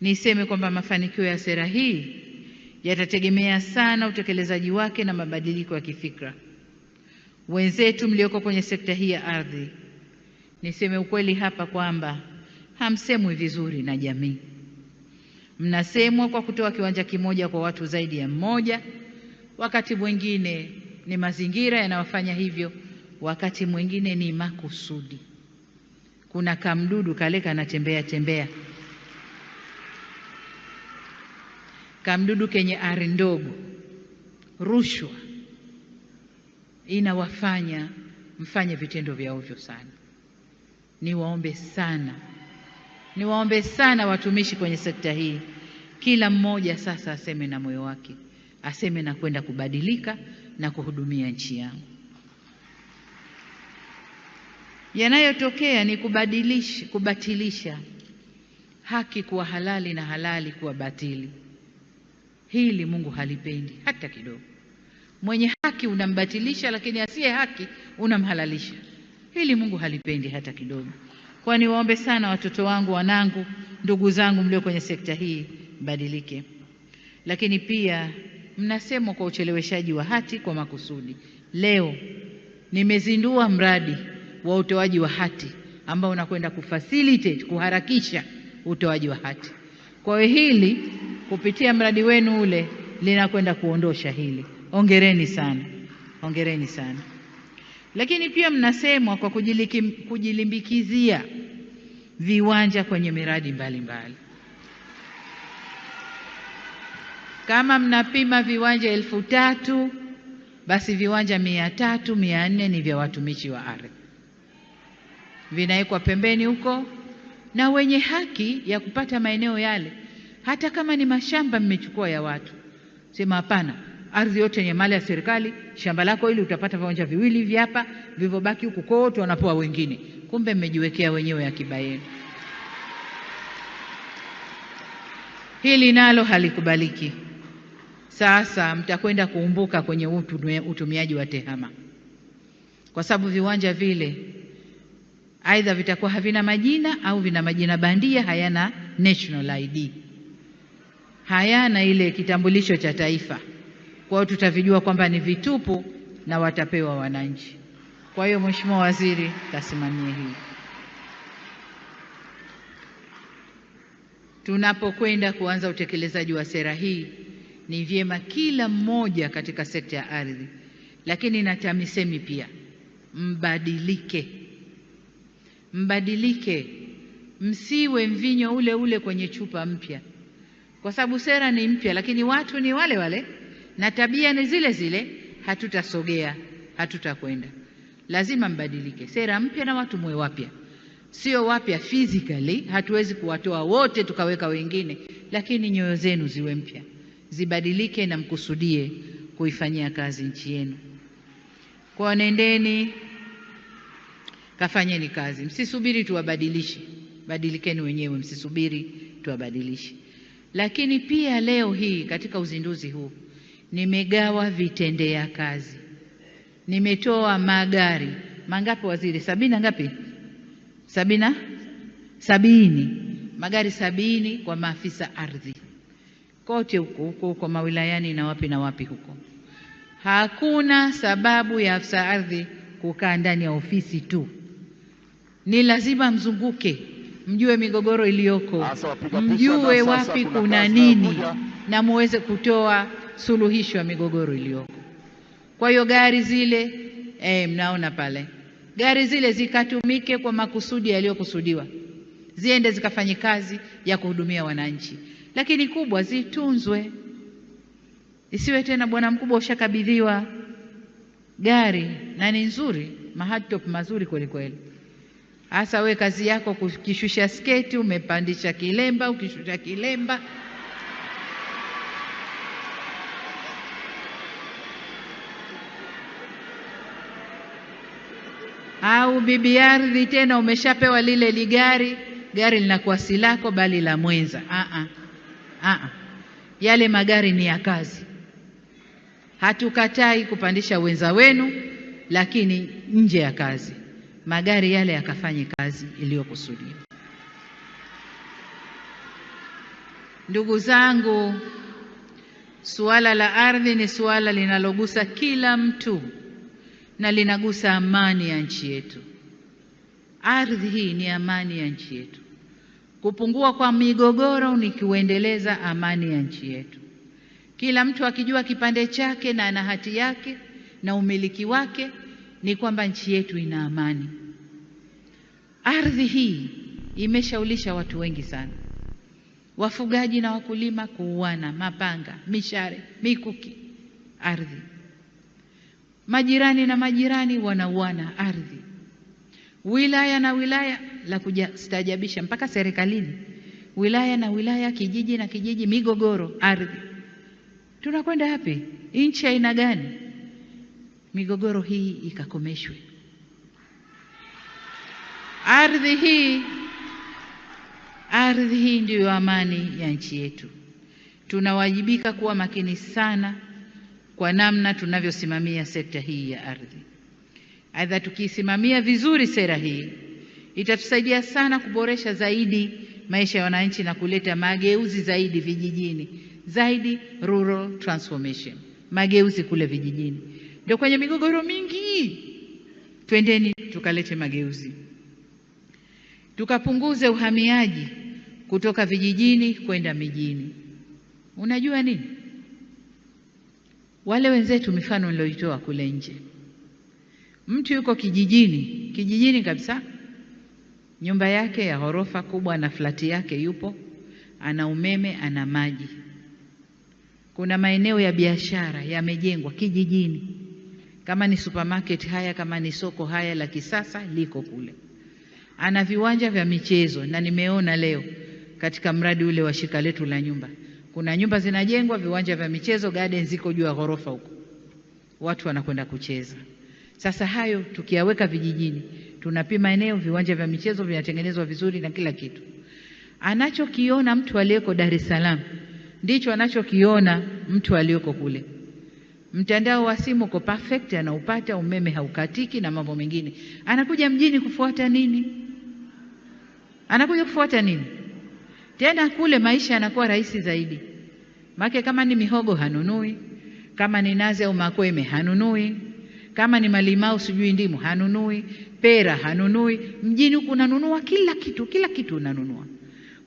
Niseme kwamba mafanikio ya sera hii yatategemea sana utekelezaji wake na mabadiliko ya kifikra. Wenzetu mlioko kwenye sekta hii ya ardhi, niseme ukweli hapa kwamba hamsemwi vizuri na jamii. Mnasemwa kwa kutoa kiwanja kimoja kwa watu zaidi ya mmoja, wakati mwingine ni mazingira yanayofanya hivyo, wakati mwingine ni makusudi. Kuna kamdudu kale kanatembea tembea kamdudu kenye ari ndogo, rushwa inawafanya mfanye vitendo vya ovyo sana. Niwaombe sana, niwaombe sana watumishi kwenye sekta hii, kila mmoja sasa aseme na moyo wake, aseme na kwenda kubadilika na kuhudumia nchi yangu. Yanayotokea ni kubadilisha, kubatilisha haki kuwa halali na halali kuwa batili. Hili Mungu halipendi hata kidogo. Mwenye haki unambatilisha, lakini asiye haki unamhalalisha. Hili Mungu halipendi hata kidogo. Kwa niwaombe sana watoto wangu, wanangu, ndugu zangu mlio kwenye sekta hii, mbadilike. Lakini pia mnasemwa kwa ucheleweshaji wa hati kwa makusudi. Leo nimezindua mradi wa utoaji wa hati ambao unakwenda kufacilitate kuharakisha utoaji wa hati. Kwa hiyo hili kupitia mradi wenu ule linakwenda kuondosha hili. Hongereni sana, hongereni sana. Lakini pia mnasemwa kwa kujiliki, kujilimbikizia viwanja kwenye miradi mbalimbali mbali. Kama mnapima viwanja elfu tatu basi viwanja mia tatu mia nne ni vya watumishi wa ardhi, vinawekwa pembeni huko, na wenye haki ya kupata maeneo yale hata kama ni mashamba mmechukua ya watu, sema hapana, ardhi yote yenye mali ya serikali, shamba lako ili utapata viwanja viwili hivi hapa, vilivyobaki huku kote wanapewa wengine. Kumbe mmejiwekea wenyewe akiba yenu. Hili nalo halikubaliki. Sasa mtakwenda kuumbuka kwenye utumiaji wa tehama, kwa sababu viwanja vile aidha vitakuwa havina majina au vina majina bandia, hayana national ID hayana ile kitambulisho cha taifa, kwa hiyo tutavijua kwamba ni vitupu na watapewa wananchi. Kwa hiyo Mheshimiwa Waziri, kasimamie hili. Tunapokwenda kuanza utekelezaji wa sera hii, ni vyema kila mmoja katika sekta ya ardhi, lakini na TAMISEMI pia mbadilike, mbadilike, msiwe mvinyo ule ule kwenye chupa mpya kwa sababu sera ni mpya, lakini watu ni wale wale na tabia ni zile zile, hatutasogea, hatutakwenda. Lazima mbadilike, sera mpya na watu mwe wapya, sio wapya physically, hatuwezi kuwatoa wote tukaweka wengine, lakini nyoyo zenu ziwe mpya, zibadilike na mkusudie kuifanyia kazi nchi yenu. Kwa nendeni kafanyeni kazi, msisubiri tuwabadilishe, badilikeni wenyewe, msisubiri tuwabadilishe. Lakini pia leo hii katika uzinduzi huu nimegawa vitendea kazi, nimetoa magari mangapi waziri? Sabini na ngapi? Sabina, sabini magari sabini kwa maafisa ardhi kote huko huko huko mawilayani na wapi na wapi huko. Hakuna sababu ya afisa ardhi kukaa ndani ya ofisi tu, ni lazima mzunguke mjue migogoro iliyoko, mjue wapi kuna nini, na muweze kutoa suluhisho ya migogoro iliyoko. Kwa hiyo gari zile eh, mnaona pale gari zile zikatumike kwa makusudi yaliyokusudiwa, ziende zikafanye kazi ya kuhudumia wananchi, lakini kubwa zitunzwe, isiwe tena bwana mkubwa ushakabidhiwa gari na ni nzuri, mahatop mazuri kweli kweli. Hasa we kazi yako kukishusha sketi, umepandisha kilemba, ukishusha kilemba. Au bibi ardhi tena, umeshapewa lile ligari, gari linakuwa si lako bali la mwenza. Aa, aa, yale magari ni ya kazi. Hatukatai kupandisha wenza wenu, lakini nje ya kazi magari yale yakafanye kazi iliyokusudiwa. Ndugu zangu, suala la ardhi ni suala linalogusa kila mtu na linagusa amani ya nchi yetu. Ardhi hii ni amani ya nchi yetu. Kupungua kwa migogoro ni kuendeleza amani ya nchi yetu. Kila mtu akijua kipande chake na ana hati yake na umiliki wake ni kwamba nchi yetu ina amani. Ardhi hii imeshaulisha watu wengi sana, wafugaji na wakulima kuuana, mapanga, mishare, mikuki, ardhi. Majirani na majirani wanauana ardhi, wilaya na wilaya. La kujastajabisha mpaka serikalini, wilaya na wilaya, kijiji na kijiji, migogoro ardhi. Tunakwenda wapi? Nchi aina gani? migogoro hii ikakomeshwe. Ardhi hii, ardhi hii ndiyo amani ya nchi yetu. Tunawajibika kuwa makini sana kwa namna tunavyosimamia sekta hii ya ardhi. Aidha, tukiisimamia vizuri sera hii itatusaidia sana kuboresha zaidi maisha ya wananchi na kuleta mageuzi zaidi vijijini, zaidi rural transformation, mageuzi kule vijijini ndio kwenye migogoro mingi. Twendeni tukalete mageuzi, tukapunguze uhamiaji kutoka vijijini kwenda mijini. Unajua nini, wale wenzetu, mifano nilioitoa kule nje, mtu yuko kijijini, kijijini kabisa, nyumba yake ya ghorofa kubwa na flati yake, yupo ana umeme, ana maji, kuna maeneo ya biashara yamejengwa kijijini kama ni supermarket haya, kama ni soko haya la kisasa liko kule. Ana viwanja vya michezo, na nimeona leo katika mradi ule wa shirika letu la nyumba, kuna nyumba zinajengwa, viwanja vya michezo, garden ziko juu ya ghorofa huko, watu wanakwenda kucheza. Sasa hayo tukiyaweka vijijini, tunapima eneo, viwanja vya michezo vinatengenezwa vizuri na kila kitu. Anachokiona mtu aliyeko Dar es Salaam ndicho anachokiona mtu aliyoko kule mtandao wa simu uko perfect, anaupata umeme haukatiki na mambo mengine. Anakuja mjini kufuata nini? Anakuja kufuata nini? Tena kule maisha yanakuwa rahisi zaidi, make kama ni mihogo hanunui, kama ni nazi au makweme hanunui, kama ni malimau sijui ndimu hanunui, pera hanunui. Mjini huku unanunua kila kitu, kila kitu unanunua.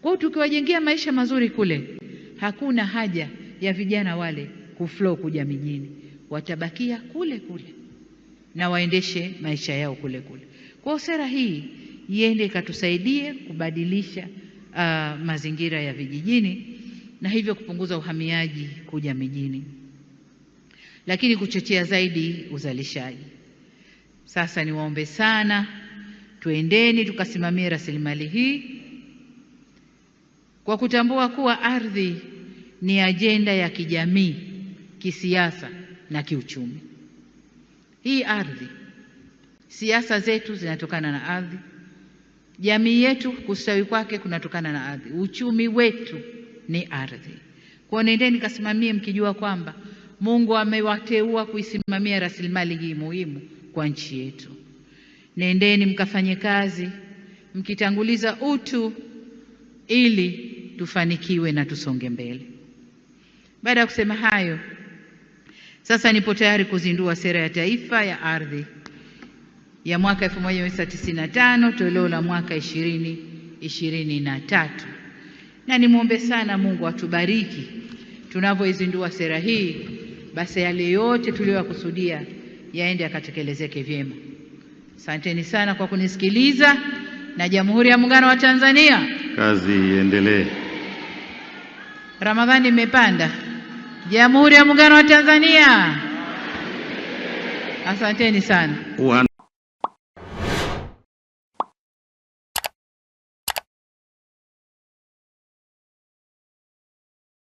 Kwa hiyo tukiwajengea maisha mazuri kule, hakuna haja ya vijana wale kuflow kuja mijini, watabakia kule kule na waendeshe maisha yao kule kule. Kwa sera hii iende ikatusaidie kubadilisha uh, mazingira ya vijijini na hivyo kupunguza uhamiaji kuja mijini, lakini kuchochea zaidi uzalishaji. Sasa niwaombe sana, tuendeni tukasimamie rasilimali hii kwa kutambua kuwa ardhi ni ajenda ya kijamii kisiasa na kiuchumi. Hii ardhi, siasa zetu zinatokana na ardhi, jamii yetu kustawi kwake kunatokana na ardhi, uchumi wetu ni ardhi. Kwa nendeni kasimamie mkijua kwamba Mungu amewateua kuisimamia rasilimali hii muhimu kwa nchi yetu. Nendeni mkafanye kazi mkitanguliza utu ili tufanikiwe na tusonge mbele. Baada ya kusema hayo sasa nipo tayari kuzindua sera ya taifa ya ardhi ya mwaka 1995 toleo la mwaka 2023, na nimwombe sana Mungu atubariki tunavyoizindua sera hii, basi yale yote tuliyokusudia yaende yakatekelezeke vyema. Asanteni sana kwa kunisikiliza, na Jamhuri ya Muungano wa Tanzania, kazi iendelee. Ramadhani imepanda. Jamhuri ya Muungano wa Tanzania. Asanteni sana.